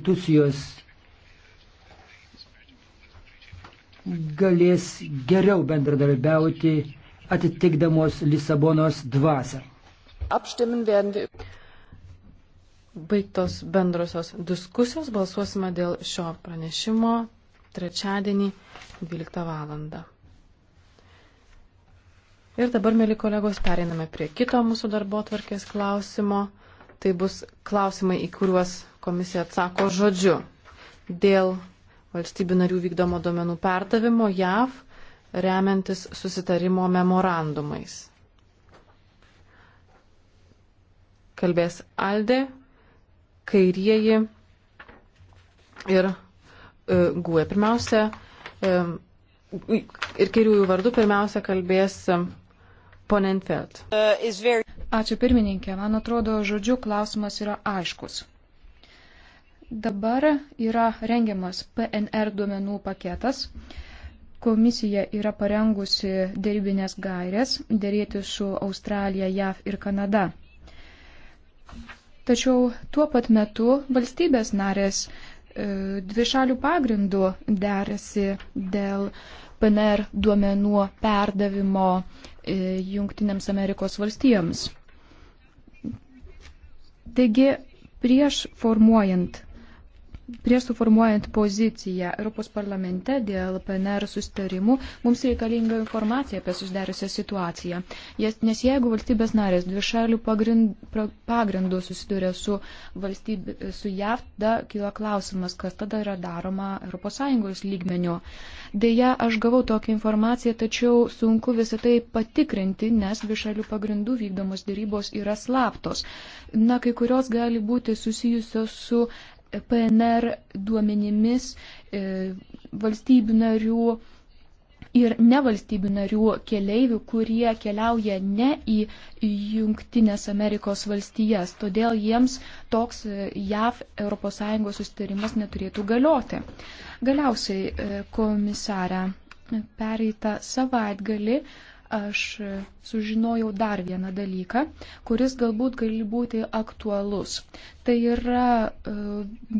institucijos galės geriau bendradarbiauti atitikdamos Lisabonos dvasę. Baigtos bendrosios diskusijos balsuosime dėl šio pranešimo trečiadienį 12 val. Ir dabar, mėly kolegos, pereiname prie kito mūsų darbo tvarkės klausimo. Tai bus klausimai, į kuriuos komisija atsako žodžiu. Dėl valstybių narių vykdomo duomenų perdavimo JAV remiantis susitarimo memorandumais. Kalbės Aldė, kairieji ir e, guė. Pirmiausia, e, ir kairiųjų vardų pirmiausia kalbės e, ponentfeld. Uh, Ačiū pirmininkė. Man atrodo, žodžių klausimas yra aiškus. Dabar yra rengiamas PNR duomenų paketas. Komisija yra parengusi dėrybinės gairės dėrėti su Australija, JAV ir Kanada. Tačiau tuo pat metu valstybės narės e, dvišalių pagrindų derasi dėl PNR duomenų perdavimo e, Junktinėms Amerikos valstijoms. Taigi, prieš formuojant prieš suformuojant poziciją Europos parlamente dėl PNR sustarimų, mums reikalinga informacija apie susidariusią situaciją. Nes jeigu valstybės narės dvišalių pagrindų susiduria su, valstybė, su JAV, tada kyla klausimas, kas tada yra daroma ES lygmeniu. Deja, aš gavau tokią informaciją, tačiau sunku visą tai patikrinti, nes dvišalių pagrindų vykdomos dėrybos yra slaptos. Na, kai kurios gali būti susijusios su PNR duomenimis e, valstybių narių ir nevalstybių narių keleivių, kurie keliauja ne į Junktinės Amerikos valstijas. Todėl jiems toks e, JAV ES sustarimas neturėtų galioti. Galiausiai, e, komisarė, pereitą savaitgalį aš sužinojau dar vieną dalyką, kuris galbūt gali būti aktualus. Tai yra e,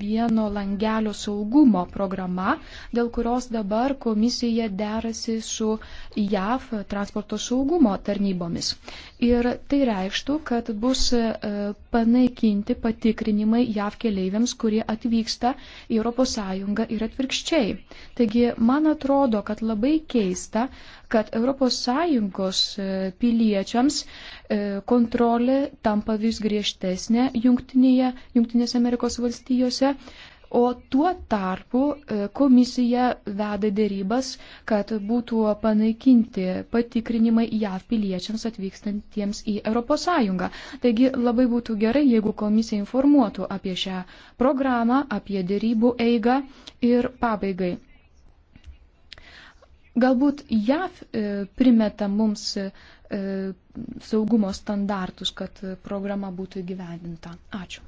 vieno langelio saugumo programa, dėl kurios dabar komisija derasi su JAV transporto saugumo tarnybomis. Ir tai reikštų, kad bus e, panaikinti patikrinimai JAV keleiviams, kurie atvyksta į ES ir atvirkščiai. Taigi, man atrodo, kad labai keista, kad ES sąjungos e, piliečiams e, kontrolė tampa vis griežtesnė Junktinėje, Junktinėse Amerikos valstijose, o tuo tarpu e, komisija veda dėrybas, kad būtų panaikinti patikrinimai JAV piliečiams atvykstantiems į ES. Taigi labai būtų gerai, jeigu komisija informuotų apie šią programą, apie dėrybų eigą ir pabaigai Galbūt JAV e, primeta mums e, e, saugumo standartus, kad programa būtų įgyvendinta. Ačiū.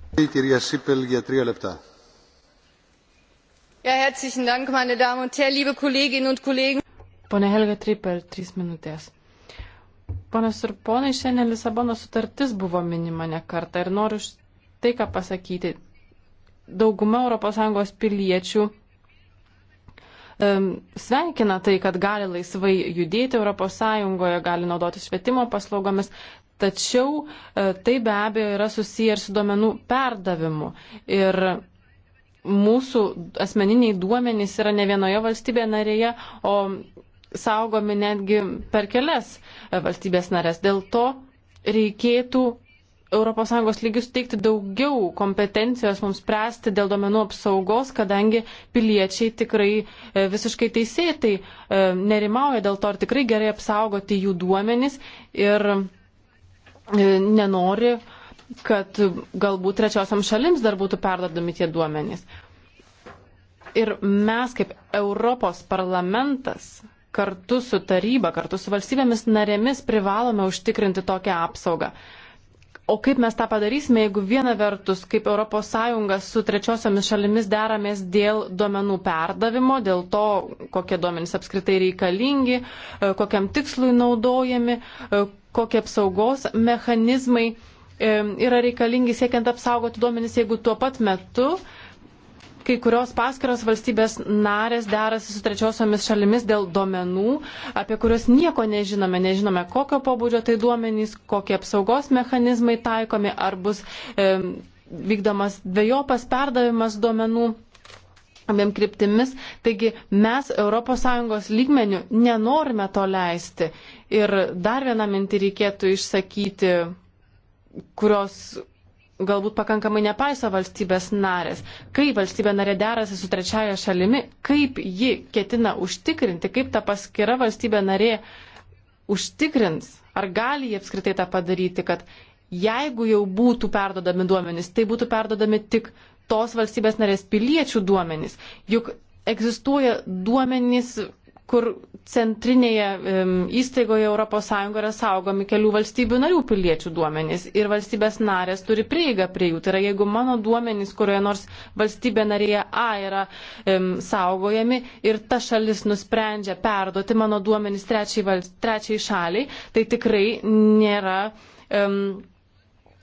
Ja, herzlichen Dank, meine Damen und Herren, liebe Kolleginnen und Kollegen. Pone Helga Tripel, trys minutės. Ponas ir ponai, šiandien Lisabono sutartis buvo minima ne kartą ir noriu tai, ką pasakyti. Dauguma ES piliečių sveikina tai, kad gali laisvai judėti ES, gali naudotis švietimo paslaugomis, tačiau e, tai be abejo yra susiję ir su duomenų perdavimu. Ir mūsų asmeniniai duomenys yra ne vienoje valstybėje narėje, o saugomi netgi per kelias valstybės narės. Dėl to reikėtų ES lygius teikti daugiau kompetencijos mums spręsti dėl domenų apsaugos, kadangi piliečiai tikrai e, visiškai teisėtai e, nerimauja dėl to, ar tikrai gerai apsaugoti jų duomenis ir e, nenori, kad galbūt trečiosiam šalims dar būtų perdodami tie duomenys. Ir mes kaip Europos parlamentas kartu su taryba, kartu su valstybėmis narėmis privalome užtikrinti tokią apsaugą. O kaip mes tą padarysime, jeigu viena vertus, kaip ES su trečiosiomis šalimis deramės dėl duomenų perdavimo, dėl to, kokie duomenys apskritai reikalingi, e, kokiam tikslui naudojami, e, kokie apsaugos mechanizmai e, yra reikalingi siekiant apsaugoti duomenys, jeigu tuo pat metu uh, kai kurios paskiros valstybės narės derasi su trečiosiomis šalimis dėl duomenų, apie kuriuos nieko nežinome. Nežinome, kokio pobūdžio tai duomenys, kokie apsaugos mechanizmai taikomi, ar bus e, vykdomas dviejopas perdavimas duomenų abiem kryptimis. Taigi mes ES lygmenių nenorime to leisti. Ir dar vieną mintį reikėtų išsakyti, kurios galbūt pakankamai nepaiso valstybės narės. Kaip valstybė narė derasi su trečiaja šalimi, kaip ji ketina užtikrinti, kaip ta paskira valstybė narė užtikrins, ar gali jie apskritai tą padaryti, kad jeigu jau būtų perdodami duomenys, tai būtų perdodami tik tos valstybės narės piliečių duomenys. Juk egzistuoja duomenys kur centrinėje įstaigoje ES yra saugomi kelių valstybių narių piliečių duomenys ir valstybės narės turi prieigą prie jų. Tai yra, jeigu mano duomenys kurioje nors valstybė narėje A yra um, saugojami ir ta šalis nusprendžia perduoti mano duomenys trečiai, val... trečiai šaliai, tai tikrai nėra. Um,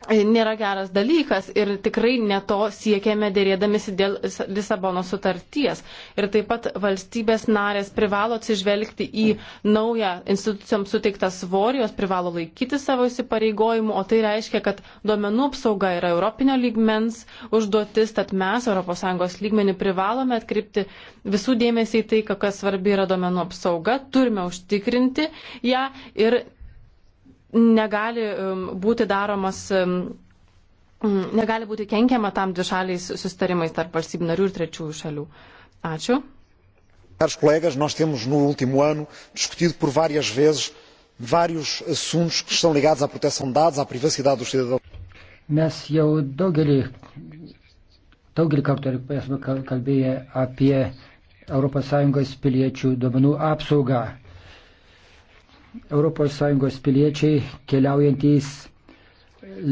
nėra geras dalykas ir tikrai ne to siekėme dėrėdamėsi dėl Lisabono sutarties. Ir taip pat valstybės narės privalo atsižvelgti į naują institucijoms suteiktą svorį, jos privalo laikyti savo įsipareigojimų, o tai reiškia, kad duomenų apsauga yra Europinio lygmens užduotis, tad mes ES lygmenį privalome atkreipti visų dėmesį į tai, kas svarbi yra duomenų apsauga, turime užtikrinti ją ir negali um, būti daromas, um, mm, negali būti kenkiama tam dvišaliais sustarimais tarp valstybių narių ir trečiųjų šalių. Ačiū. Caros colegas, nós temos no último ano discutido por várias vezes vários assuntos que estão ligados à proteção de dados, à privacidade dos cidadãos. Mes jau daugelį, daugelį kartų esame kalbėję apie ES piliečių duomenų apsaugą. ES piliečiai keliaujantys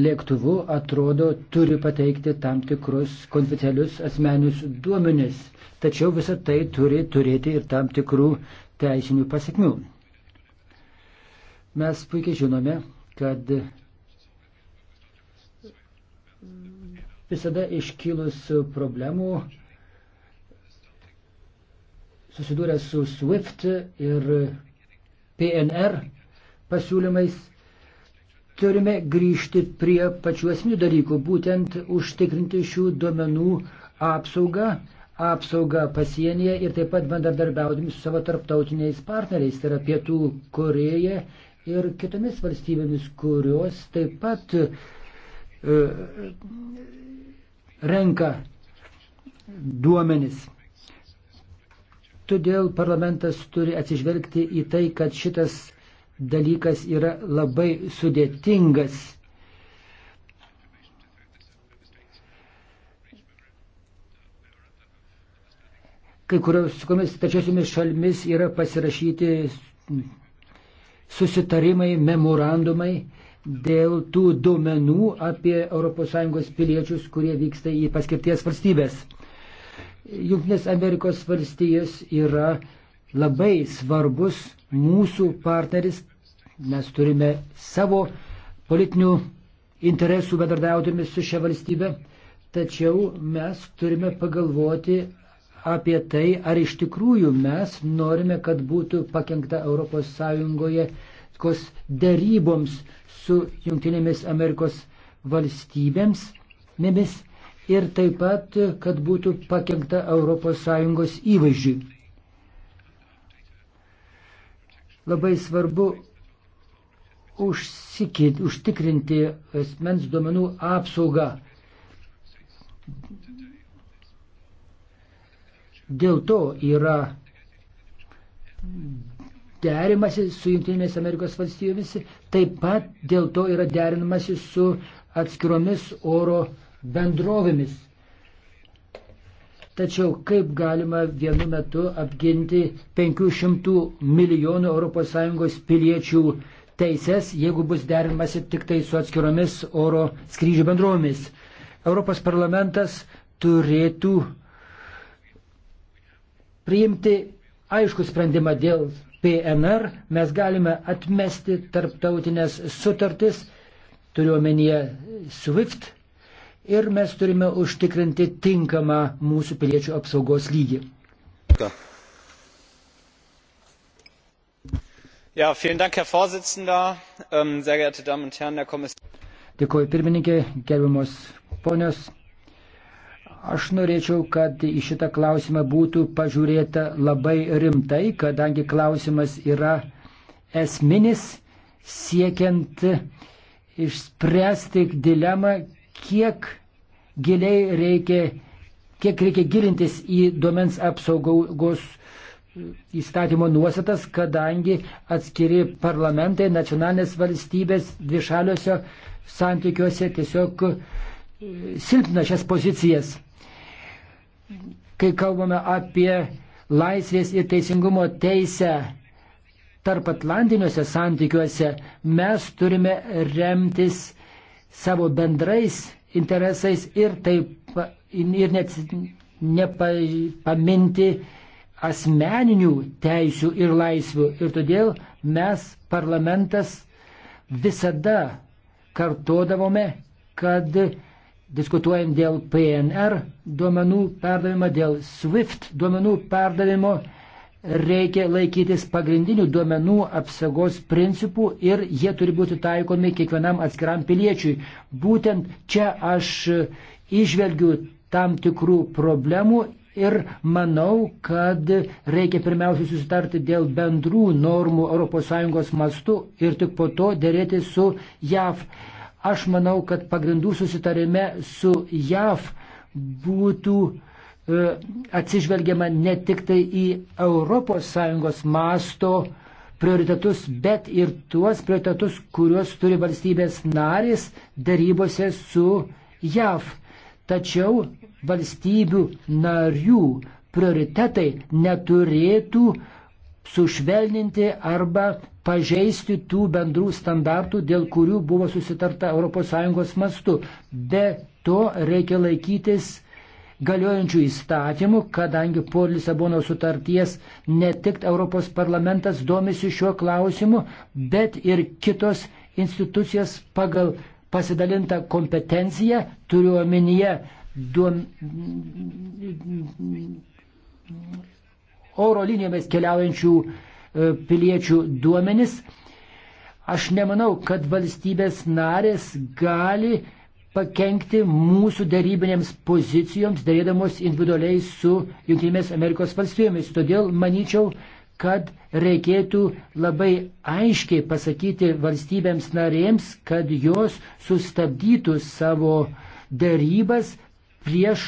lėktuvu atrodo turi pateikti tam tikrus konfidencialius asmenius duomenis, tačiau visa tai turi turėti ir tam tikrų teisinių pasiekmių. Mes puikiai žinome, kad visada iškilus problemų susidūrę su SWIFT ir PNR pasiūlymais turime grįžti prie pačių esminių dalykų, būtent užtikrinti šių duomenų apsaugą, apsaugą pasienyje ir taip pat bendradarbiaudami su savo tarptautiniais partneriais, tai yra Pietų Koreja ir kitomis valstybėmis, kurios taip pat e, renka duomenis. Todėl parlamentas turi atsižvelgti į tai, kad šitas dalykas yra labai sudėtingas. Kai kuriomis trečiosiomis šalmis yra pasirašyti susitarimai, memorandumai dėl tų duomenų apie ES piliečius, kurie vyksta į paskirties valstybės. Junktinės Amerikos valstijos yra labai svarbus mūsų partneris. Mes turime savo politinių interesų bedarbiaudami su šia valstybe, tačiau mes turime pagalvoti apie tai, ar iš tikrųjų mes norime, kad būtų pakengta ES daryboms su Junktinėmis Amerikos valstybėms, nemis ir taip pat, kad būtų pakengta ES įvaizdžiui. Labai svarbu užsikit, užtikrinti asmens duomenų apsaugą. Dėl to yra derimasi su Junktinėmis Amerikos valstybėmis, taip pat dėl to yra derinamasi su atskiromis oro bendrovėmis. Tačiau kaip galima vienu metu apginti 500 milijonų ES piliečių teises, jeigu bus derinamasi tik tai su atskiromis oro skrydžių bendrovėmis? Europos parlamentas turėtų priimti aišku sprendimą dėl PNR. Mes galime atmesti tarptautinės sutartis, turiuomenyje SWIFT ir mes turime užtikrinti tinkamą mūsų piliečių apsaugos lygį. Ja, Dank, Herr Vorsitzender, ähm, sehr geehrte Damen und Herren der Kommission. Dėkuoju pirmininkė, gerbiamos ponios. Aš norėčiau, kad į šitą klausimą būtų pažiūrėta labai rimtai, kadangi klausimas yra esminis siekiant išspręsti dilemą, kiek giliai reikia, kiek reikia gilintis į duomens apsaugos įstatymo nuostatas, kadangi atskiri parlamentai, nacionalinės valstybės dvišaliuose santykiuose tiesiog e, silpna šias pozicijas. Kai kalbame apie laisvės ir teisingumo teisę tarp atlantiniuose santykiuose, mes turime remtis savo bendrais interesais ir taip ir net nepaminti asmeninių teisių ir laisvių. Ir todėl mes, parlamentas, visada kartodavome, kad diskutuojant dėl PNR duomenų perdavimo, dėl SWIFT duomenų perdavimo, reikia laikytis pagrindinių duomenų apsaugos principų ir jie turi būti taikomi kiekvienam atskiram piliečiui. Būtent čia aš išvelgiu tam tikrų problemų ir manau, kad reikia pirmiausia susitarti dėl bendrų normų ES mastu ir tik po to dėrėti su JAV. Aš manau, kad pagrindų susitarime su JAV būtų E, atsižvelgiama ne tik tai į ES masto prioritetus, bet ir tuos prioritetus, kuriuos turi valstybės narės darybose su JAV. Tačiau valstybių narių prioritetai neturėtų sušvelninti arba pažeisti tų bendrų standartų, dėl kurių buvo susitarta ES mastu. Be to reikia laikytis galiojančių įstatymų, kadangi po Lisabono sutarties ne tik Europos parlamentas domisi šiuo klausimu, bet ir kitos institucijas pagal pasidalintą kompetenciją, turiu omenyje duom... oro linijomis keliaujančių e, piliečių duomenis. Aš nemanau, kad valstybės narės gali pakenkti mūsų darybinėms pozicijoms, darėdamos individualiai su Junktinėmis Amerikos valstybėmis. Todėl manyčiau, kad reikėtų labai aiškiai pasakyti valstybėms narėms, kad jos sustabdytų savo darybas prieš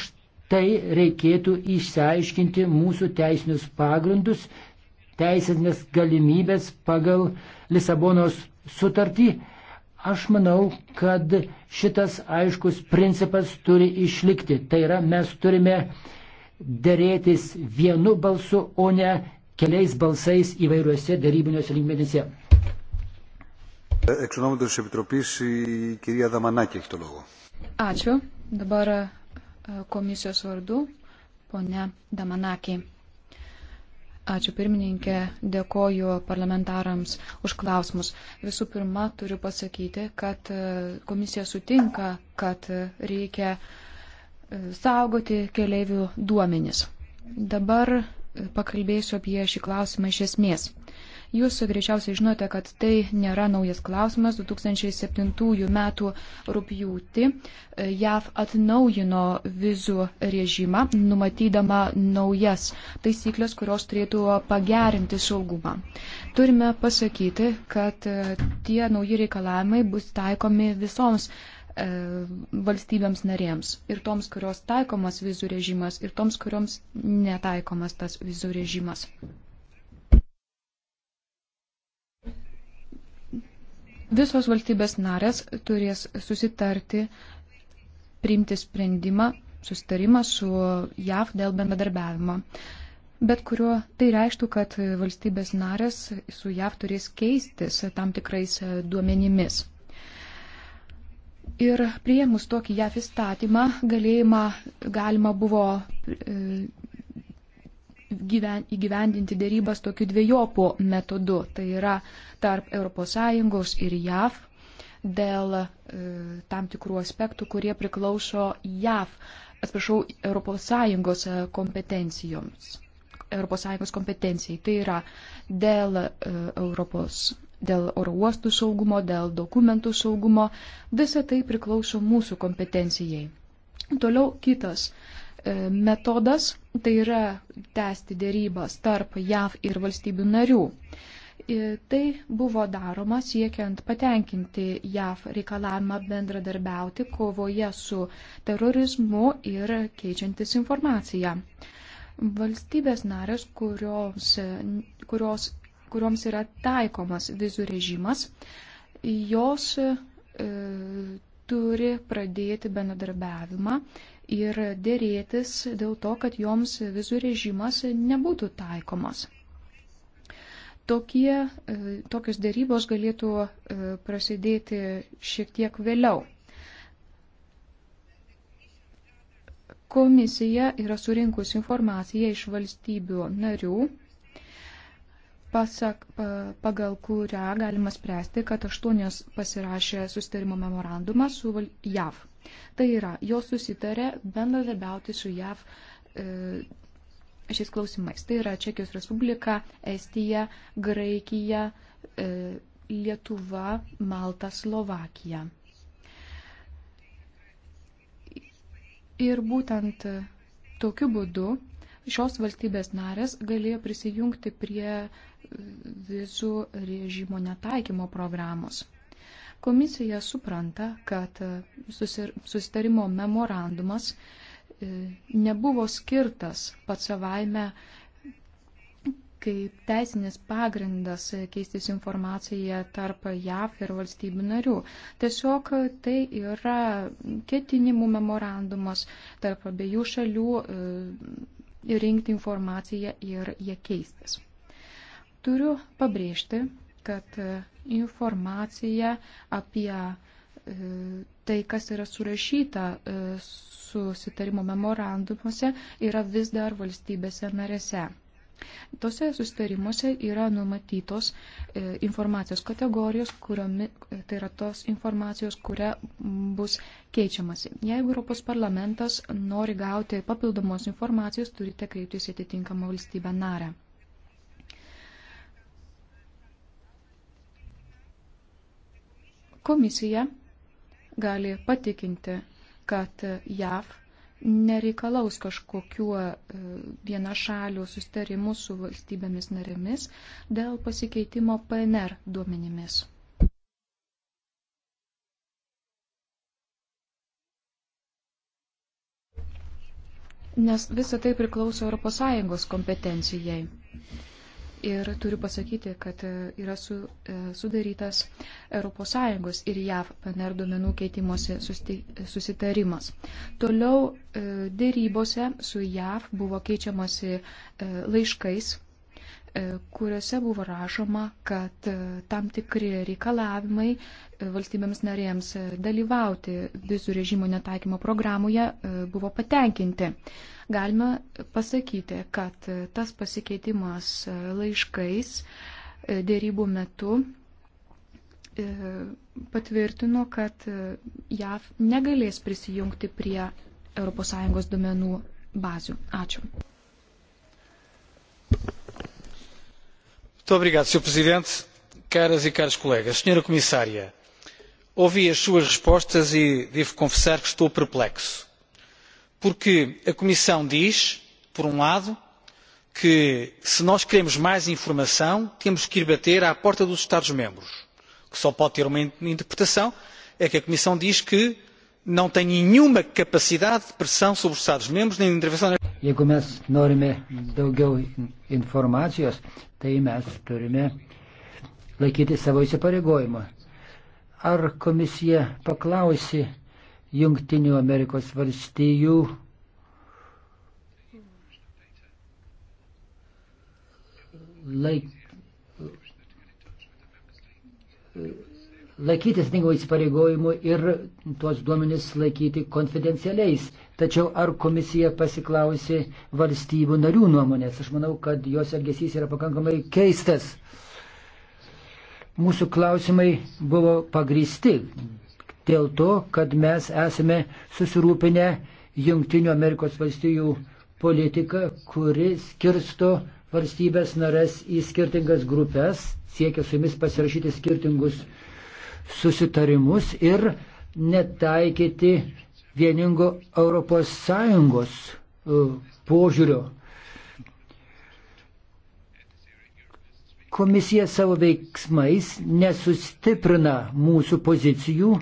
tai reikėtų išsiaiškinti mūsų teisinius pagrindus, teisinės galimybės pagal Lisabonos sutartį Aš manau, kad šitas aiškus principas turi išlikti. Tai yra, mes turime dėrėtis vienu balsu, o ne keliais balsais įvairiuose darybiniuose lygmenyse. Ačiū. Dabar e, komisijos vardu, ponia Damanakė. Ačiū pirmininkė, dėkoju parlamentarams už klausimus. Visų pirma, turiu pasakyti, kad e, komisija sutinka, kad reikia e, saugoti keliaivių duomenis. Dabar e, pakalbėsiu apie šį klausimą iš esmės. Jūs greičiausiai žinote, kad tai nėra naujas klausimas. 2007 m. rūpjūti JAV atnaujino vizų režimą, numatydama naujas taisyklės, kurios turėtų pagerinti saugumą. Turime pasakyti, kad e, tie nauji reikalavimai bus taikomi visoms e, valstybėms narėms ir toms, kurios taikomas vizų režimas ir toms, kurioms netaikomas tas vizų režimas. Visos valstybės narės turės susitarti, priimti sprendimą, susitarimą su JAV dėl bendradarbiavimo. Bet kuriuo tai reikštų, kad valstybės narės su JAV turės keistis tam tikrais duomenimis. Ir prieimus tokį JAV įstatymą galėjimą, galima buvo e, gyven, įgyvendinti dėrybas tokiu dviejopu metodu, tai yra tarp ES ir JAV dėl e, tam tikrų aspektų, kurie priklauso JAV, atsiprašau, ES e, kompetencijoms. ES kompetencijai. Tai yra dėl e, Europos, dėl oro uostų saugumo, dėl dokumentų saugumo. Visa tai priklauso mūsų kompetencijai. Toliau kitas e, metodas tai yra tęsti dėrybas tarp JAV ir valstybių narių. Tai buvo daroma siekiant patenkinti JAV reikalavimą bendradarbiauti kovoje su terorizmu ir keičiantis informaciją. Valstybės narės, kurios, kurios, kurioms yra taikomas vizų režimas, jos e, turi pradėti bendradarbiavimą ir dėrėtis dėl to, kad joms vizų režimas nebūtų taikomas. Tokie, e, tokios dėrybos galėtų e, prasidėti šiek tiek vėliau. Komisija yra surinkusi informaciją iš valstybių narių pasak, pagal kurią galima spręsti, kad aštuonios pasirašė sustarimo memorandumą su JAV. Tai yra, jos susitarė bendradarbiauti su JAV e, šiais klausimais. Tai yra Čekijos Respublika, Estija, Graikija, e, Lietuva, Malta, Slovakija. Ir būtent tokiu būdu šios valstybės narės galėjo prisijungti prie vizų režimo netaikymo programos. Komisija supranta, kad susitarimo memorandumas e, nebuvo skirtas pats savaime kaip teisinis pagrindas keistis informaciją tarp JAV ir valstybių narių. Tiesiog tai yra ketinimų memorandumas tarp abiejų šalių e, rinkti informaciją ir jie keistis. Turiu pabrėžti, kad e, informacija apie e, tai, kas yra surašyta e, susitarimo memorandumuose, yra vis dar valstybėse narėse. Tose susitarimuose yra numatytos informacijos kategorijos, kuriomi, tai yra tos informacijos, kuria bus keičiamasi. Jeigu Europos parlamentas nori gauti papildomos informacijos, turite kreiptis į atitinkamą valstybę narę. Komisija gali patikinti, kad JAV nereikalaus kažkokiu e, vienašalių sustarimu su valstybėmis narėmis dėl pasikeitimo PNR duomenimis. Nes visa tai priklauso ES kompetencijai. Ir turiu pasakyti, kad e, yra su, e, sudarytas ES ir JAV PNR duomenų keitimosi susitarimas. Toliau e, dėrybose su JAV buvo keičiamasi laiškais E, kuriuose buvo rašoma, kad e, tam tikri reikalavimai e, valstybėms narėms dalyvauti vizų režimo netaikymo programoje buvo patenkinti. Galime pasakyti, kad tas pasikeitimas laiškais dėrybų metu patvirtino, kad JAV negalės prisijungti prie ES duomenų bazių. Ačiū. senhor presidente caras e caros colegas senhora comissária ouvi as suas respostas e devo confessar que estou perplexo porque a comissão diz por um lado que se nós queremos mais informação temos que ir bater à porta dos estados membros o que só pode ter uma interpretação é que a comissão diz que não tem nenhuma capacidade de pressão sobre os estados membros nem de intervenção. jeigu mes norime daugiau informacijos, tai mes turime laikyti savo įsipareigojimą. Ar komisija paklausi Junktinių Amerikos valstijų laik, laikytis tinkamų įsipareigojimų ir tuos duomenis laikyti konfidencialiais Tačiau ar komisija pasiklausė valstybių narių nuomonės? Aš manau, kad jos elgesys yra pakankamai keistas. Mūsų klausimai buvo pagristi dėl to, kad mes esame susirūpinę Junktinių Amerikos valstijų politiką, kuri skirsto valstybės nares į skirtingas grupės, siekia su jumis pasirašyti skirtingus susitarimus ir netaikyti vieningo ES e, požiūrio. Komisija savo veiksmais nesustiprina mūsų pozicijų,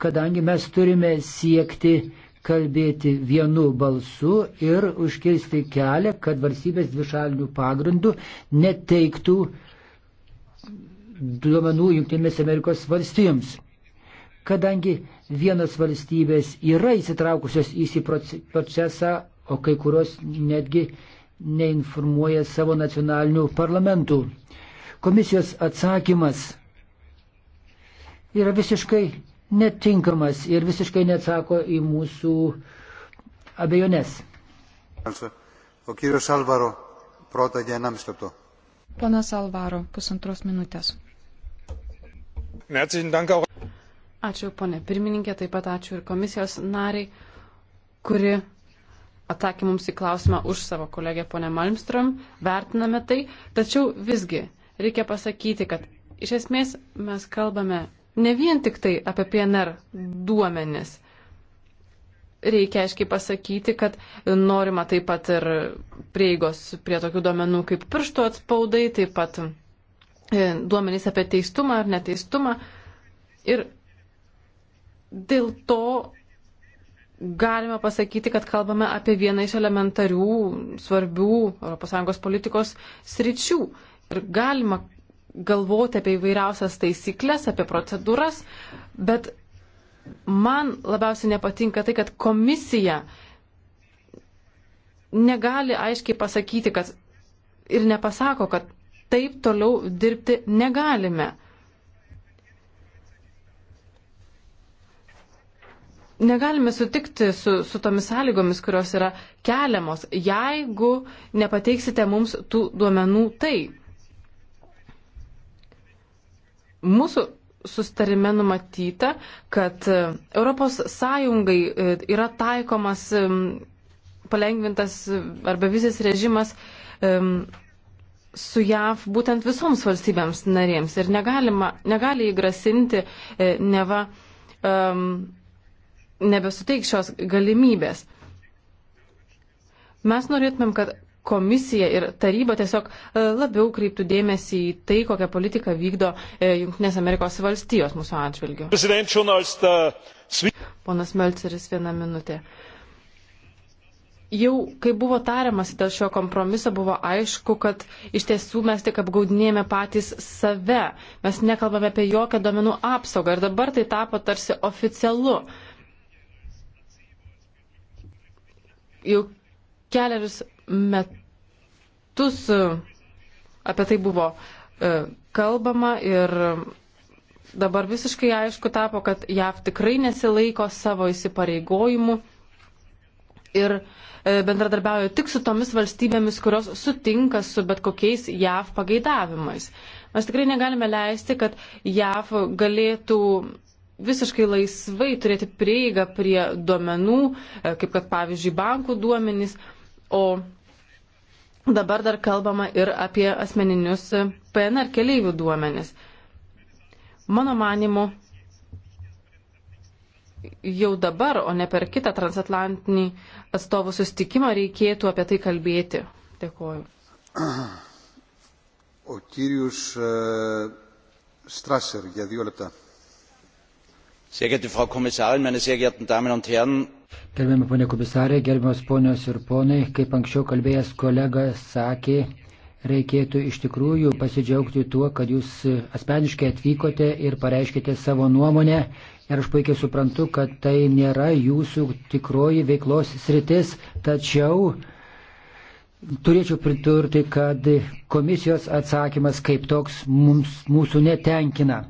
kadangi mes turime siekti kalbėti vienu balsu ir užkirsti kelią, kad valstybės dvišalinių pagrindų neteiktų duomenų Junktinėmis Amerikos valstijoms. Kadangi vienas valstybės yra įsitraukusios į šį procesą, o kai kurios netgi neinformuoja savo nacionalinių parlamentų. Komisijos atsakymas yra visiškai netinkamas ir visiškai neatsako į mūsų abejonės. Ponas Alvaro, pusantros minutės. Ačiū, ponė pirmininkė, taip pat ačiū ir komisijos nariai, kuri atsakė mums į klausimą už savo kolegę ponę Malmström, vertiname tai, tačiau visgi reikia pasakyti, kad iš esmės mes kalbame ne vien tik tai apie PNR duomenis. Reikia aiškiai pasakyti, kad norima taip pat ir prieigos prie tokių duomenų kaip pirštų atspaudai, taip pat e, duomenys apie teistumą ar neteistumą. Ir Dėl to galime pasakyti, kad kalbame apie vieną iš elementarių, svarbių ES politikos sričių. Ir galima galvoti apie įvairiausias taisyklės, apie procedūras, bet man labiausiai nepatinka tai, kad komisija negali aiškiai pasakyti, kad ir nepasako, kad taip toliau dirbti negalime. negalime sutikti su, su tomis sąlygomis, kurios yra keliamos, jeigu nepateiksite mums tų duomenų tai. Mūsų sustarime numatyta, kad ES e, yra taikomas e, palengvintas arba visas režimas e, su JAV būtent visoms valstybėms narėms ir negalima, negali įgrasinti neva um, nebesuteiks šios galimybės. Mes norėtumėm, kad komisija ir taryba tiesiog e, labiau kreiptų dėmesį į tai, kokią politiką vykdo e, Junktinės Amerikos valstijos mūsų atžvilgiu. Äh, Ponas Melceris, viena minutė. Jau, kai buvo tariamas dėl šio kompromiso, buvo aišku, kad iš tiesų mes tik apgaudinėjame patys save. Mes nekalbame apie jokią domenų apsaugą ir dabar tai tapo tarsi oficialu. Uh, jau keliarius metus e, apie tai buvo e, kalbama ir dabar visiškai aišku tapo, kad JAV tikrai nesilaiko savo įsipareigojimų ir e, bendradarbiauja tik su tomis valstybėmis, kurios sutinka su bet kokiais JAV pageidavimais. Mes tikrai negalime leisti, kad JAV galėtų visiškai laisvai turėti prieigą prie duomenų, e, kaip kad pavyzdžiui bankų duomenys, o dabar dar kalbama ir apie asmeninius e, PNR keleivių duomenys. Mano manimu, jau dabar, o ne per kitą transatlantinį atstovų sustikimą reikėtų apie tai kalbėti. Dėkuoju. O Kyrius e, Strasser, για δύο λεπτά. Sehr geehrte Frau Kommissarin, meine sehr geehrten Damen und Herren, Gerbiami ponė komisarė, gerbiamas ponios ir ponai, kaip anksčiau kalbėjęs kolega sakė, reikėtų iš tikrųjų pasidžiaugti tuo, kad jūs asmeniškai atvykote ir pareiškite savo nuomonę. Ir aš puikiai suprantu, kad tai nėra jūsų tikroji veiklos sritis, tačiau turėčiau pridurti, kad komisijos atsakymas kaip toks mums, mūsų netenkina.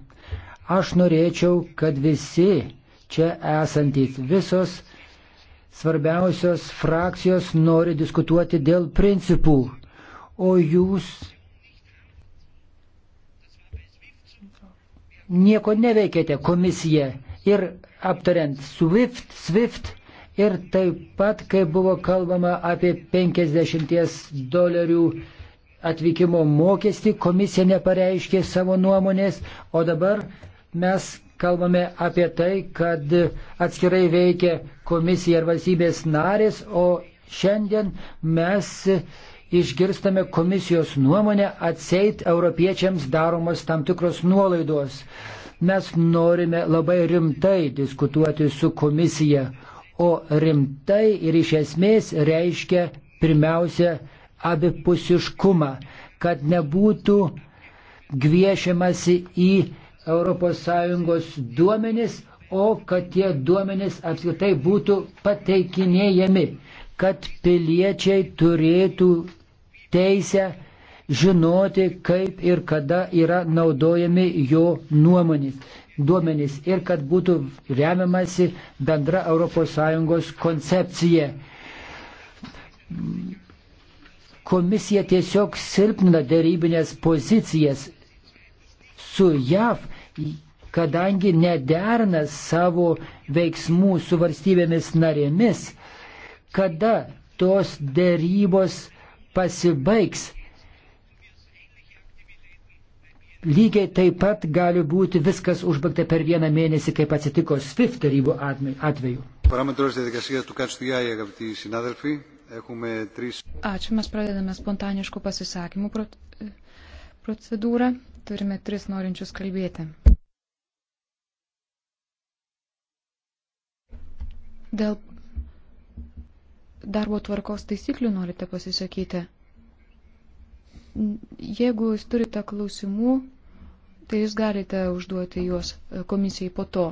Aš norėčiau, kad visi čia esantys, visos svarbiausios frakcijos nori diskutuoti dėl principų, o jūs nieko neveikėte komisija ir aptariant SWIFT, SWIFT ir taip pat, kai buvo kalbama apie 50 dolerių atvykimo mokestį, komisija nepareiškė savo nuomonės, o dabar Mes kalbame apie tai, kad atskirai veikia komisija ir valstybės narės, o šiandien mes išgirstame komisijos nuomonę atseit europiečiams daromos tam tikros nuolaidos. Mes norime labai rimtai diskutuoti su komisija, o rimtai ir iš esmės reiškia pirmiausia abipusiškumą, kad nebūtų gviešiamasi į ES duomenis, o kad tie duomenis apskritai būtų pateikinėjami, kad piliečiai turėtų teisę žinoti, kaip ir kada yra naudojami jo nuomonės, duomenys ir kad būtų remiamasi bendra ES koncepcija. Komisija tiesiog silpnina dėrybinės pozicijas su JAV kadangi nederna savo veiksmų su valstybėmis narėmis, kada tos dėrybos pasibaigs. Lygiai taip pat gali būti viskas užbaigta per vieną mėnesį, kaip atsitiko SWIFT darybų atveju. Ačiū, mes pradedame spontaniškų pasisakymų procedūrą. Turime tris norinčius kalbėti. Dėl darbo tvarkos taisyklių norite pasisakyti? Jeigu jūs turite klausimų, tai jūs galite užduoti juos e, komisijai po to.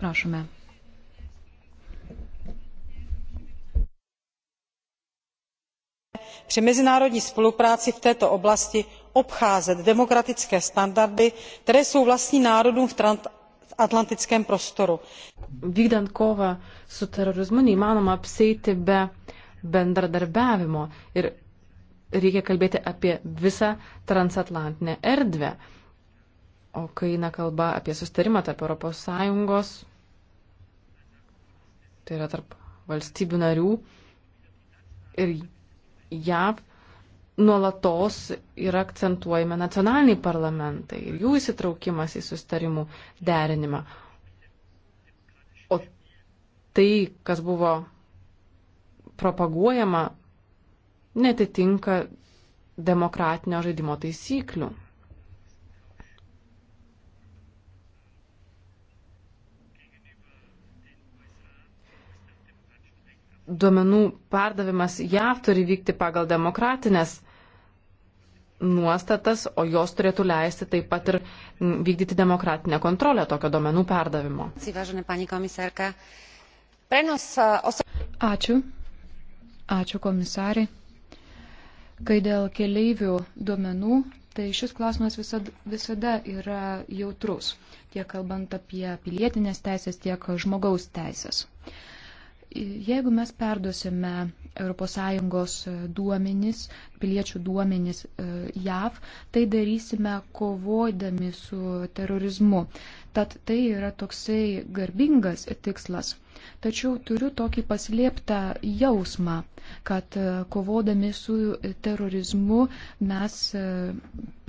Prašome. Při mezinárodní spolupráci v této oblasti obcházet demokratické standardy které jsou vlastní národům v transatlantickém prostoru. vykdant kovą su terorizmu neįmanoma apsieiti be bendradarbiavimo ir reikia kalbėti apie visą transatlantinę erdvę. O kai eina kalba apie sustarimą tarp Europos Sąjungos, tai yra tarp valstybių narių ir JAV, nuolatos yra akcentuojami nacionaliniai parlamentai ir jų įsitraukimas į sustarimų derinimą. O tai, kas buvo propaguojama, netitinka demokratinio žaidimo taisyklių. Duomenų perdavimas JAV turi vykti pagal demokratinės nuostatas, o jos turėtų leisti taip pat ir vykdyti demokratinę kontrolę tokio domenų perdavimo. Eh, Ačiū. Ačiū komisarė. Kai dėl keleivių duomenų, tai šis klausimas visada, visada yra jautrus, tiek kalbant apie pilietinės teisės, tiek žmogaus teisės. Jeigu mes perduosime ES e, duomenys, piliečių duomenys e, JAV, tai darysime kovodami su terorizmu. Tad tai yra toksai garbingas tikslas. Tačiau turiu tokį paslėptą jausmą, kad e, kovodami su terorizmu mes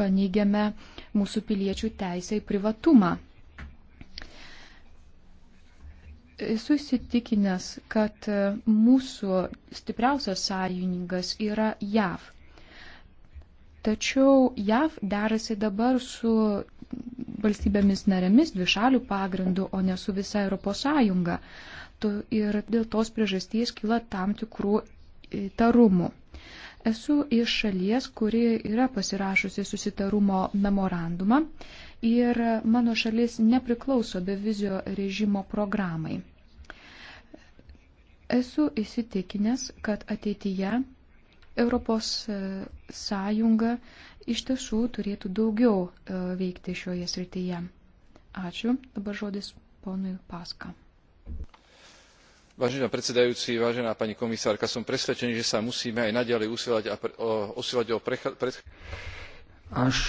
paneigiame mūsų piliečių teisę į privatumą. Esu įsitikinęs, kad mūsų stipriausias sąjungas yra JAV. Tačiau JAV derasi dabar su valstybėmis narėmis dvišalių pagrindų, o ne su visa Europos sąjunga. Ir dėl tos priežasties kyla tam tikrų įtarumų. Esu iš šalies, kuri yra pasirašusi susitarumo memorandumą ir mano šalis nepriklauso bevizio režimo programai. Esu įsitikinęs, kad ateityje Europos e, Sąjunga iš tiesų turėtų daugiau e, veikti šioje srityje. Ačiū. Dabar žodis ponui Paska. Vážená predsedajúci, vážená pani komisárka, som presvedčený, že sa musíme aj naďalej usilovať o, o, o, o prechod. Aš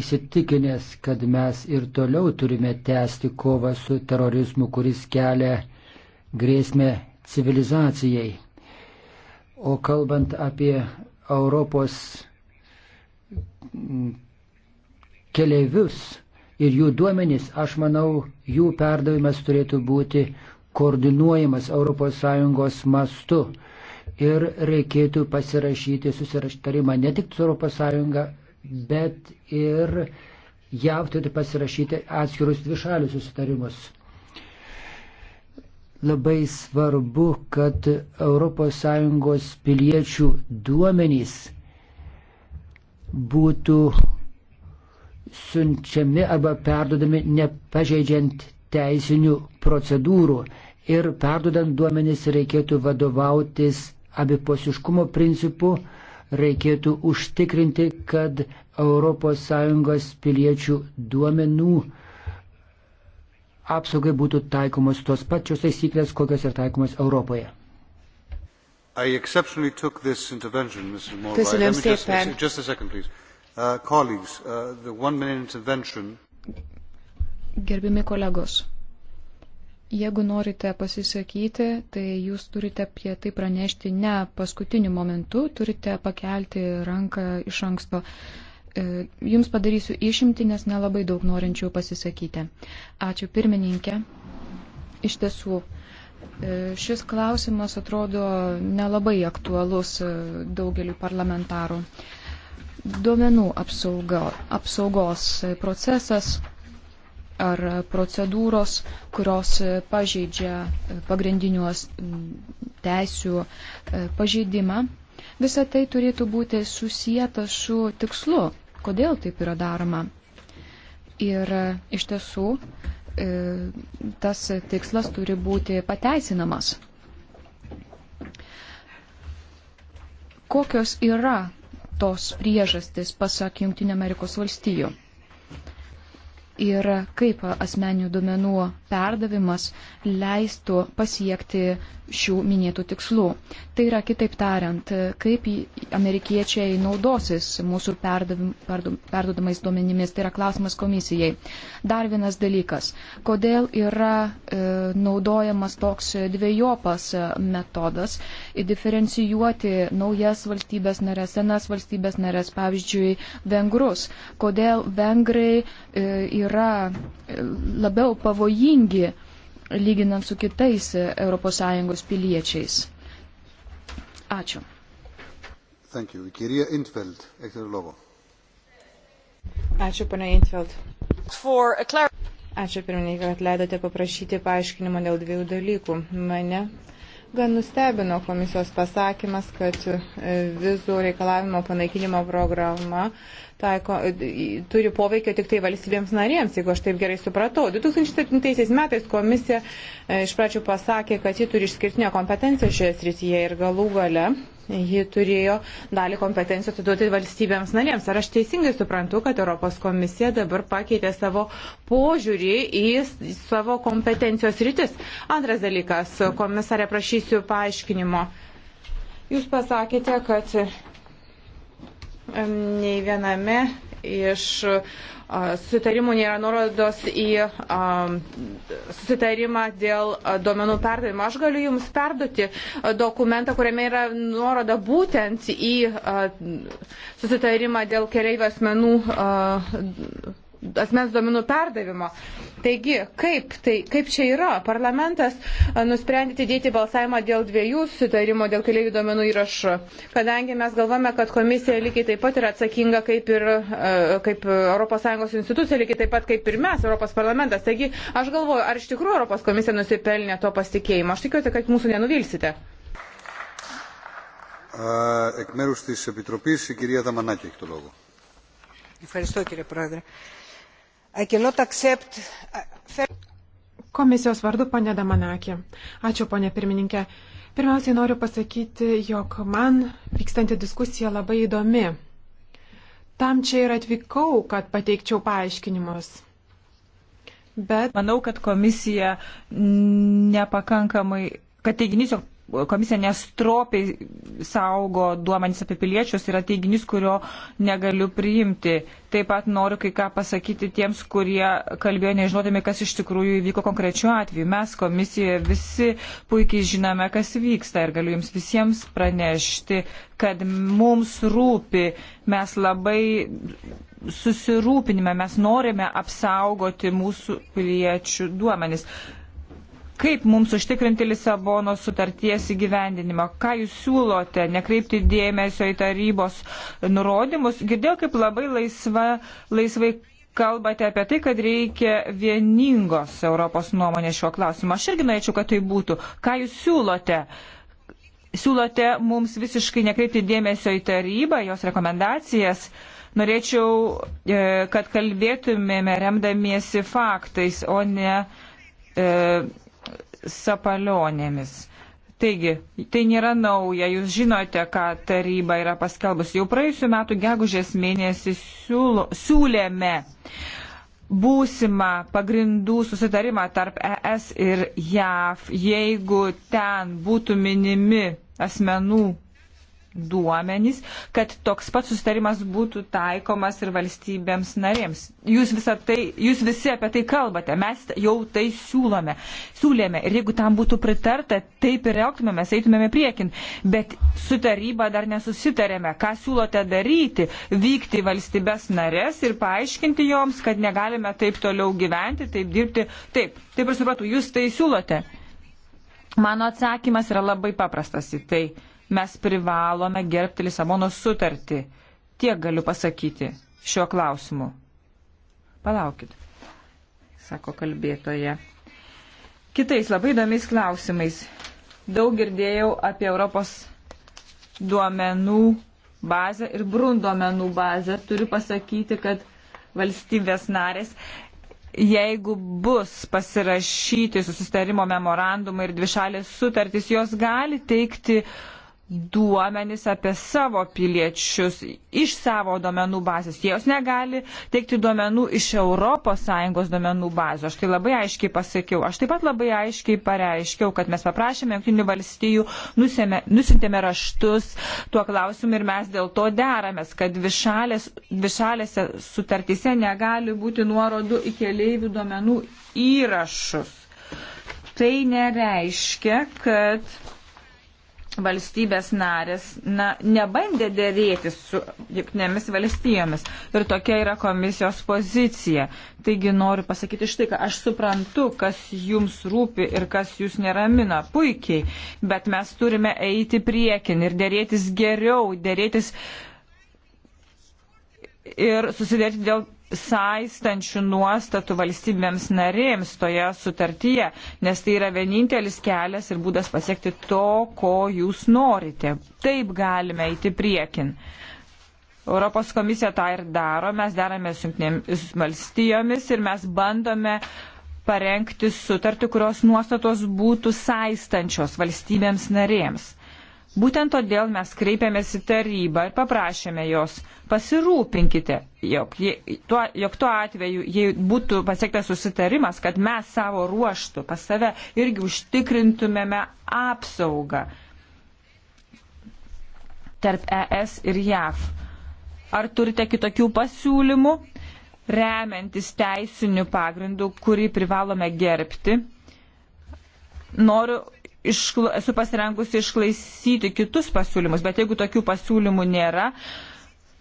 įsitikinęs, kad mes ir toliau turime tęsti kovą su terorizmu, kuris kelia grėsmę civilizacijai. O kalbant apie Europos keleivius ir jų duomenys, aš manau, jų perdavimas turėtų būti koordinuojamas ES mastu ir reikėtų pasirašyti susiraštarimą ne tik su ES, bet ir JAV turi pasirašyti atskirus dvišalius susitarimus. Labai svarbu, kad ES piliečių duomenys būtų siunčiami arba perdodami nepažeidžiant teisinių procedūrų ir perdodant duomenys reikėtų vadovautis abipusiškumo principu, reikėtų užtikrinti, kad ES piliečių duomenų apsaugai būtų taikomos tos pačios taisyklės, kokios ir taikomos Europoje. Köszönöm szépen. Just a second, please. Uh, colleagues, uh, the one minute intervention. Gerbimi kolegos, Jeigu norite pasisakyti, tai jūs turite apie tai pranešti ne paskutiniu momentu, turite pakelti ranką iš anksto. E, jums padarysiu išimti, nes nelabai daug norinčių pasisakyti. Ačiū pirmininkė. Iš tiesų, e, šis klausimas atrodo nelabai aktualus e, daugeliu parlamentarų. Duomenų apsaugo, apsaugos procesas ar procedūros, kurios pažeidžia pagrindiniuos mm, teisių e, pažeidimą. Visa tai turėtų būti susijęta su tikslu, kodėl taip yra daroma. Ir e, iš tiesų e, tas tikslas turi būti pateisinamas. Kokios yra tos priežastis, pasak Junktinė Amerikos valstijų? ir kaip asmenių duomenų perdavimas leistų pasiekti šių minėtų tikslų. Tai yra, kitaip tariant, kaip amerikiečiai naudosis mūsų perdodamais duomenimis, tai yra klausimas komisijai. Dar vienas dalykas, kodėl yra e, naudojamas toks dviejopas metodas diferencijuoti naujas valstybės narės, senas valstybės narės, pavyzdžiui, vengrus, kodėl vengrai e, yra e, labiau pavojingi lyginant su kitais ES piliečiais. Ačiū. Intveld, Ačiū, pana Intveld. Ačiū, pirmininkai, kad leidote paprašyti paaiškinimo dėl dviejų dalykų. Mane gan nustebino komisijos pasakymas, kad vizų reikalavimo panaikinimo programa taiko, turi poveikio tik tai valstybėms narėms, jeigu aš taip gerai supratau. 2007 metais komisija e, iš pradžių pasakė, kad ji turi išskirtinę kompetenciją šioje srityje ir galų gale ji turėjo dalį kompetencijų atiduoti valstybėms narėms. Ar aš teisingai suprantu, kad Europos komisija dabar pakeitė savo požiūrį į savo kompetencijos rytis? Antras dalykas, komisarė, prašysiu paaiškinimo. Jūs pasakėte, kad nei viename iš sutarimų nėra nuorodos į susitarimą dėl duomenų perdavimo. Aš galiu Jums perduoti dokumentą, kuriame yra nuoroda būtent į susitarimą dėl keliaivių asmenų asmens duomenų perdavimo. Taigi, kaip, tai, kaip čia yra? Parlamentas nusprendė atidėti balsavimą dėl dviejų sutarimo dėl keliaivių duomenų įrašų, kadangi mes galvome, kad komisija lygiai taip pat yra atsakinga kaip ir kaip ES institucija, lygiai taip pat kaip ir mes, Europos parlamentas. Taigi, aš galvoju, ar iš tikrųjų Europos komisija nusipelnė to pasitikėjimo. Aš tikiuosi, kad mūsų nenuvilsite. Εκ μέρους της Επιτροπής, η κυρία Δαμανάκη έχει το λόγο. Ευχαριστώ κύριε Πρόεδρε. Accept... Uh, Komisijos vardu, ponė Damanakė. Ačiū, ponė pirmininkė. Pirmiausiai noriu pasakyti, jog man vykstanti diskusija labai įdomi. Tam čia ir atvykau, kad pateikčiau paaiškinimus. Bet manau, kad komisija nepakankamai, kad teiginys, jog komisija nestropiai saugo duomenys apie piliečius yra teiginys, kurio negaliu priimti. Taip pat noriu kai ką pasakyti tiems, kurie kalbėjo nežinodami, kas iš tikrųjų įvyko konkrečiu atveju. Mes komisijoje visi puikiai žinome, kas vyksta ir galiu jums visiems pranešti, kad mums rūpi, mes labai susirūpinime, mes norime apsaugoti mūsų piliečių duomenys kaip mums užtikrinti Lisabono sutarties įgyvendinimą? Ką jūs siūlote, nekreipti dėmesio į tarybos nurodymus? Girdėjau, kaip labai laisva, laisvai kalbate apie tai, kad reikia vieningos Europos nuomonės šiuo klausimu. Aš irgi norėčiau, kad tai būtų. Ką jūs siūlote? Siūlote mums visiškai nekreipti dėmesio į tarybą, jos rekomendacijas. Norėčiau, e, kad kalbėtumėme remdamiesi faktais, o ne e, sapalionėmis. Taigi, tai nėra nauja, jūs žinote, ką taryba yra paskelbusi. Jau praėjusiu metu gegužės mėnesį siūlo, siūlėme būsimą pagrindų susitarimą tarp ES ir JAV, jeigu ten būtų minimi asmenų duomenys, kad toks pats sustarimas būtų taikomas ir valstybėms narėms. Jūs, tai, jūs visi apie tai kalbate, mes jau tai siūlome. Siūlėme ir jeigu tam būtų pritarta, taip ir elgtumėme, eitumėme priekin. Bet su taryba dar nesusitarėme, ką siūlote daryti, vykti valstybės narės ir paaiškinti joms, kad negalime taip toliau gyventi, taip dirbti. Taip, taip ir supratau, jūs tai siūlote. Mano atsakymas yra labai paprastas į tai mes privalome gerbti Lisabono sutartį. Tiek galiu pasakyti šiuo klausimu. Palaukit, sako kalbėtoje. Kitais labai įdomiais klausimais. Daug girdėjau apie Europos duomenų bazę ir brun duomenų bazę. Turiu pasakyti, kad valstybės narės, jeigu bus pasirašyti susitarimo memorandumai ir dvišalės sutartys, jos gali teikti uh, duomenis apie savo piliečius iš savo duomenų bazės. Jos negali teikti duomenų iš ES duomenų bazų. Aš tai labai aiškiai pasakiau. Aš taip pat labai aiškiai pareiškiau, kad mes paprašėme Junktinių valstijų, nusėme, nusintėme raštus tuo klausimu ir mes dėl to deramės, kad višalės, višalėse sutartyse negali būti nuorodų į keliaivių duomenų įrašus. Tai nereiškia, kad valstybės narės na, nebandė dėrėtis su jungtinėmis valstijomis. Ir tokia yra komisijos pozicija. Taigi noriu pasakyti štai, kad aš suprantu, kas jums rūpi ir kas jūs neramina. Puikiai. Bet mes turime eiti priekin ir dėrėtis geriau, dėrėtis ir susidėti dėl saistančių nuostatų valstybėms narėms toje sutartyje, nes tai yra vienintelis kelias ir būdas pasiekti to, ko jūs norite. Taip galime eiti priekin. Europos komisija tą ir daro, mes darome su jungtinėmis valstijomis ir mes bandome parengti sutartį, kurios nuostatos būtų saistančios valstybėms narėms. Būtent todėl mes kreipėmės į tarybą ir paprašėme jos pasirūpinkite, jog, tuo, jog tuo atveju, jei būtų pasiektas susitarimas, kad mes savo ruoštų pas save irgi užtikrintumėme apsaugą tarp ES ir JAV. Ar turite kitokių pasiūlymų, remiantis teisiniu pagrindu, kurį privalome gerbti? Noriu iškla, esu pasirengusi išklausyti kitus pasiūlymus, bet jeigu tokių pasiūlymų nėra,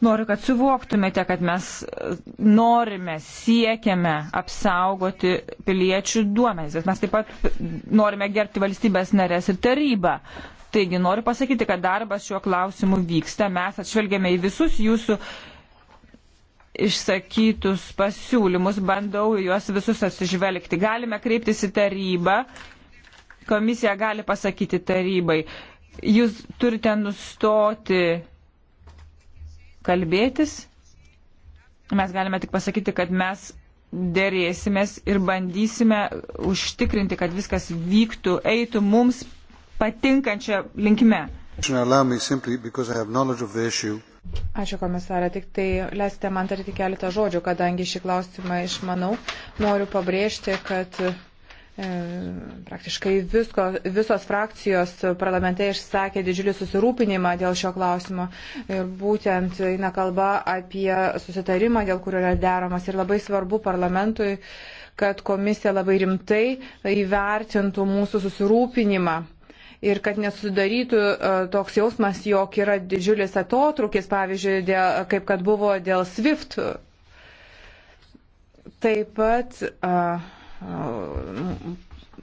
noriu, kad suvoktumėte, kad mes e, norime, siekiame apsaugoti piliečių duomenys, bet mes taip pat norime gerti valstybės narės ir tarybą. Taigi noriu pasakyti, kad darbas šiuo klausimu vyksta, mes atšvelgiame į visus jūsų išsakytus pasiūlymus, bandau juos visus atsižvelgti. Galime kreiptis į tarybą komisija gali pasakyti tarybai, jūs turite nustoti kalbėtis. Mes galime tik pasakyti, kad mes dėrėsimės ir bandysime užtikrinti, kad viskas vyktų, eitų mums patinkančią linkme. Ačiū komisarė, tik tai leisite man tarti keletą žodžių, kadangi šį klausimą išmanau. Noriu pabrėžti, kad E, praktiškai visko, visos frakcijos parlamente išsakė didžiulį susirūpinimą dėl šio klausimo ir būtent eina kalba apie susitarimą, dėl kurio yra deramas ir labai svarbu parlamentui, kad komisija labai rimtai įvertintų mūsų susirūpinimą ir kad nesudarytų e, toks jausmas, jog yra didžiulis atotrukis, pavyzdžiui, dėl, kaip kad buvo dėl SWIFT. Taip pat. Uh,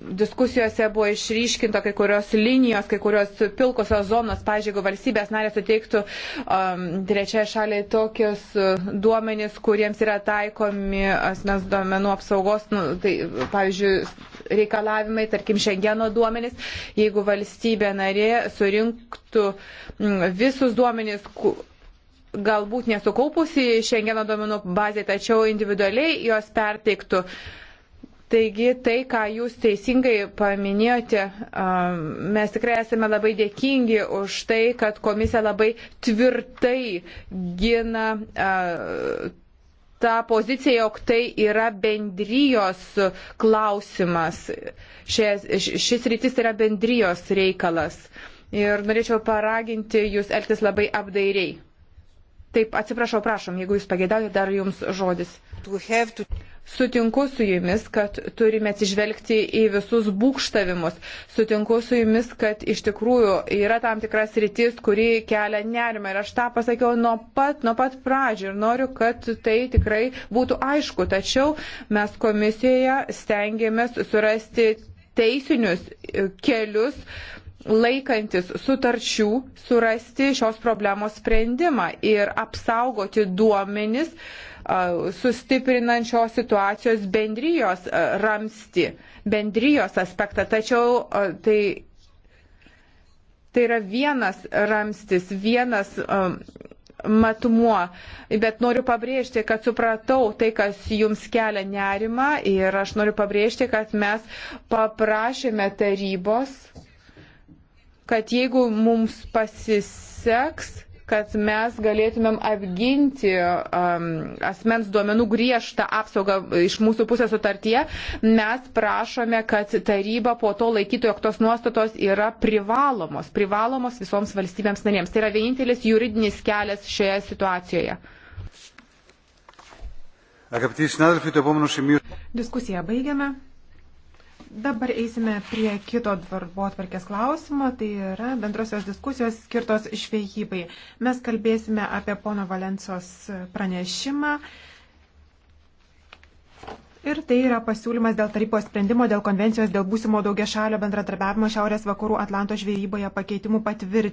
diskusijose buvo išryškinta kai kurios linijos, kai kurios pilkosios zonos, pažiūrėjau, jeigu valstybės narė suteiktų um, trečiai šaliai tokius uh, duomenys, kuriems yra taikomi asmens duomenų apsaugos, nu, tai pavyzdžiui, reikalavimai, tarkim, šengeno duomenys, jeigu valstybė narė surinktų mm, visus duomenys, galbūt nesukaupusi šengeno duomenų bazė, tačiau individualiai jos perteiktų. Uh, Taigi tai, ką jūs teisingai paminėjote, mes tikrai esame labai dėkingi už tai, kad komisija labai tvirtai gina tą poziciją, jog tai yra bendrijos klausimas. Šis, šis rytis yra bendrijos reikalas. Ir norėčiau paraginti jūs elgtis labai apdairiai. Taip, atsiprašau, prašom, jeigu jūs pageidaujate, dar jums žodis. To to... Sutinku su jumis, kad turime atsižvelgti į visus būkštavimus. Sutinku su jumis, kad iš tikrųjų yra tam tikras rytis, kuri kelia nerimą. Ir aš tą pasakiau nuo pat, nuo pat pradžio ir noriu, kad tai tikrai būtų aišku. Tačiau mes komisijoje stengiamės surasti teisinius kelius laikantis sutarčių surasti šios problemos sprendimą ir apsaugoti duomenis, uh, sustiprinančios situacijos bendrijos ramsti, bendrijos aspektą. Tačiau tai, tai yra vienas ramstis, vienas matmuo. Bet noriu pabrėžti, kad supratau tai, kas jums kelia nerima ir aš noriu pabrėžti, kad mes paprašėme tarybos, kad jeigu mums pasiseks, kad mes galėtumėm apginti um, asmens duomenų griežtą apsaugą iš mūsų pusės sutartyje, mes prašome, kad taryba po to laikytų, jog tos nuostatos yra privalomos, privalomos visoms valstybėms narėms. Tai yra vienintelis juridinis kelias šioje situacijoje. Diskusiją baigiame. Dabar eisime prie kito darbo atvarkės klausimo, tai yra bendrosios diskusijos skirtos žvejybai. Mes kalbėsime apie pono Valencijos pranešimą. Ir tai yra pasiūlymas dėl tarybos sprendimo dėl konvencijos dėl būsimo daugia šalio bendradarbiavimo Šiaurės vakarų Atlanto žvejyboje pakeitimų patvirtinimo.